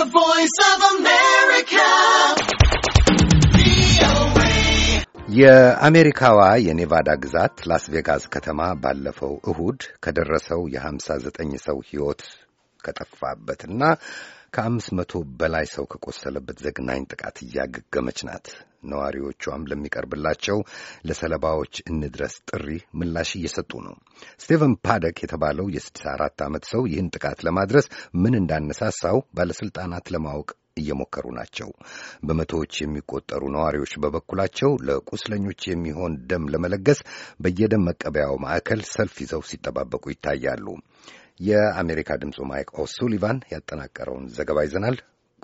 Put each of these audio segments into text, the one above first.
The Voice of America. የአሜሪካዋ የኔቫዳ ግዛት ላስ ቬጋስ ከተማ ባለፈው እሁድ ከደረሰው የ59 ሰው ሕይወት ከጠፋበትና ከአምስት መቶ በላይ ሰው ከቆሰለበት ዘግናኝ ጥቃት እያገገመች ናት። ነዋሪዎቿም ለሚቀርብላቸው ለሰለባዎች እንድረስ ጥሪ ምላሽ እየሰጡ ነው። ስቴቨን ፓደክ የተባለው የ64 ዓመት ሰው ይህን ጥቃት ለማድረስ ምን እንዳነሳሳው ባለሥልጣናት ለማወቅ እየሞከሩ ናቸው። በመቶዎች የሚቆጠሩ ነዋሪዎች በበኩላቸው ለቁስለኞች የሚሆን ደም ለመለገስ በየደም መቀበያው ማዕከል ሰልፍ ይዘው ሲጠባበቁ ይታያሉ። የአሜሪካ ድምፁ ማይክ ኦሱሊቫን ያጠናቀረውን ዘገባ ይዘናል።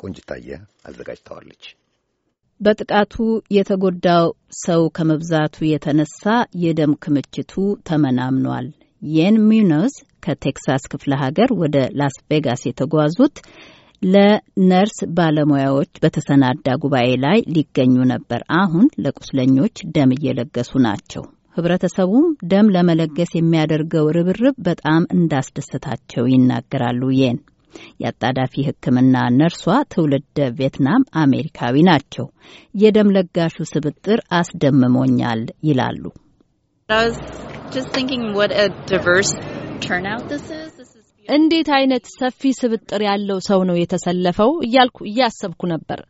ቆንጅታየ አዘጋጅተዋለች። በጥቃቱ የተጎዳው ሰው ከመብዛቱ የተነሳ የደም ክምችቱ ተመናምኗል። የን ሚኖዝ ከቴክሳስ ክፍለ ሀገር ወደ ላስ ቬጋስ የተጓዙት ለነርስ ባለሙያዎች በተሰናዳ ጉባኤ ላይ ሊገኙ ነበር። አሁን ለቁስለኞች ደም እየለገሱ ናቸው። ህብረተሰቡም ደም ለመለገስ የሚያደርገው ርብርብ በጣም እንዳስደሰታቸው ይናገራሉ። ይን የአጣዳፊ ሕክምና ነርሷ ትውልደ ቪየትናም አሜሪካዊ ናቸው። የደም ለጋሹ ስብጥር አስደምሞኛል ይላሉ። እንዴት አይነት ሰፊ ስብጥር ያለው ሰው ነው የተሰለፈው እያልኩ እያሰብኩ ነበር።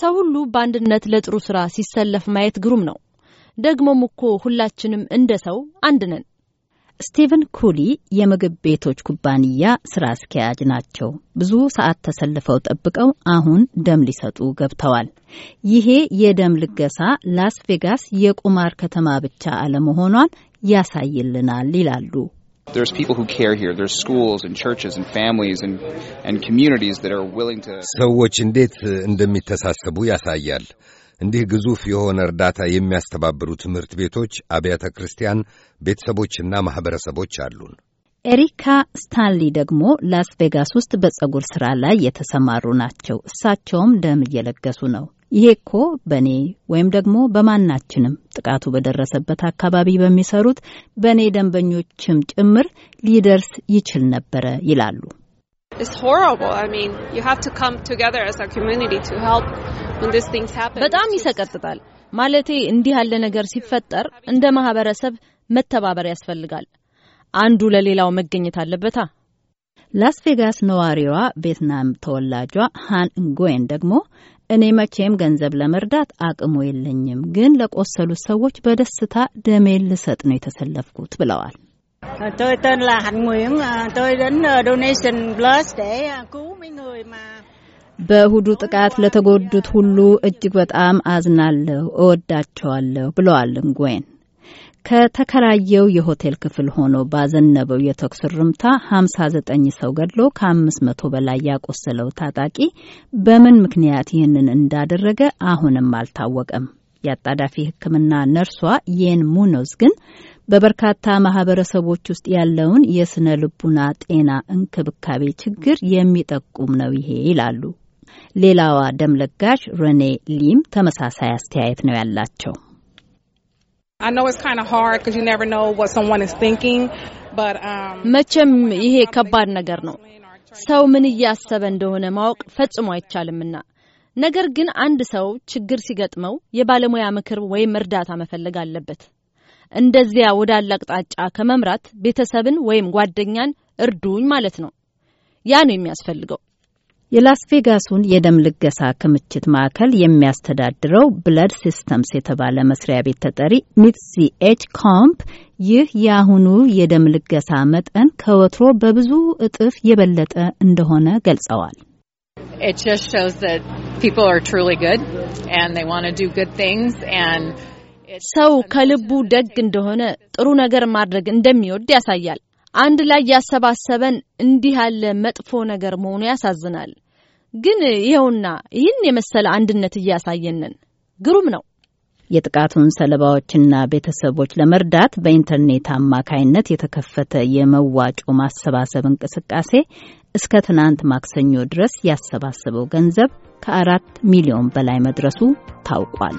ሰው ሁሉ በአንድነት ለጥሩ ስራ ሲሰለፍ ማየት ግሩም ነው። ደግሞም እኮ ሁላችንም እንደ ሰው አንድ ነን። ስቲቨን ኩሊ የምግብ ቤቶች ኩባንያ ስራ አስኪያጅ ናቸው። ብዙ ሰዓት ተሰልፈው ጠብቀው አሁን ደም ሊሰጡ ገብተዋል። ይሄ የደም ልገሳ ላስ ቬጋስ የቁማር ከተማ ብቻ አለመሆኗን ያሳይልናል ይላሉ። ሰዎች እንዴት እንደሚተሳሰቡ ያሳያል። እንዲህ ግዙፍ የሆነ እርዳታ የሚያስተባብሩ ትምህርት ቤቶች፣ አብያተ ክርስቲያን፣ ቤተሰቦችና ማኅበረሰቦች አሉን። ኤሪካ ስታንሊ ደግሞ ላስ ቬጋስ ውስጥ በጸጉር ስራ ላይ የተሰማሩ ናቸው። እሳቸውም ደም እየለገሱ ነው። ይሄ እኮ በእኔ ወይም ደግሞ በማናችንም ጥቃቱ በደረሰበት አካባቢ በሚሰሩት በእኔ ደንበኞችም ጭምር ሊደርስ ይችል ነበረ ይላሉ። በጣም ይሰቀጥጣል። ማለቴ እንዲህ ያለ ነገር ሲፈጠር እንደ ማህበረሰብ መተባበር ያስፈልጋል። አንዱ ለሌላው መገኘት አለበታ። ላስ ቬጋስ ነዋሪዋ ቬትናም ተወላጇ ሃን እንጎየን ደግሞ እኔ መቼም ገንዘብ ለመርዳት አቅሙ የለኝም፣ ግን ለቆሰሉት ሰዎች በደስታ ደሜን ልሰጥ ነው የተሰለፍኩት ብለዋል። Tôi tên là Hạnh Nguyễn, tôi đến Donation Plus để cứu mấy người mà በእሁዱ ጥቃት ለተጎዱት ሁሉ እጅግ በጣም አዝናለሁ፣ እወዳቸዋለሁ ብለዋል ንጉዌን። ከተከራየው የሆቴል ክፍል ሆኖ ባዘነበው የተኩስ ርምታ 59 ሰው ገድሎ ከ500 በላይ ያቆሰለው ታጣቂ በምን ምክንያት ይህንን እንዳደረገ አሁንም አልታወቀም። የአጣዳፊ ሕክምና ነርሷ የን ሙኖዝ ግን በበርካታ ማህበረሰቦች ውስጥ ያለውን የስነ ልቡና ጤና እንክብካቤ ችግር የሚጠቁም ነው ይሄ ይላሉ። ሌላዋ ደም ለጋሽ ረኔ ሊም ተመሳሳይ አስተያየት ነው ያላቸው። um, መቼም ይሄ ከባድ ነገር ነው። ሰው ምን እያሰበ እንደሆነ ማወቅ ፈጽሞ አይቻልምና ነገር ግን አንድ ሰው ችግር ሲገጥመው የባለሙያ ምክር ወይም እርዳታ መፈለግ አለበት። እንደዚያ ወዳለ አቅጣጫ ከመምራት ቤተሰብን ወይም ጓደኛን እርዱኝ ማለት ነው። ያ ነው የሚያስፈልገው። የላስ ቬጋሱን የደም ልገሳ ክምችት ማዕከል የሚያስተዳድረው ብለድ ሲስተምስ የተባለ መስሪያ ቤት ተጠሪ ሚትሲ ኤች ካምፕ ይህ የአሁኑ የደም ልገሳ መጠን ከወትሮ በብዙ እጥፍ የበለጠ እንደሆነ ገልጸዋል። It just ሰው ከልቡ ደግ እንደሆነ ጥሩ ነገር ማድረግ እንደሚወድ ያሳያል። አንድ ላይ ያሰባሰበን እንዲህ ያለ መጥፎ ነገር መሆኑ ያሳዝናል። ግን ይኸውና ይህን የመሰለ አንድነት እያሳየንን ግሩም ነው። የጥቃቱን ሰለባዎችና ቤተሰቦች ለመርዳት በኢንተርኔት አማካይነት የተከፈተ የመዋጮ ማሰባሰብ እንቅስቃሴ እስከ ትናንት ማክሰኞ ድረስ ያሰባሰበው ገንዘብ ከአራት ሚሊዮን በላይ መድረሱ ታውቋል።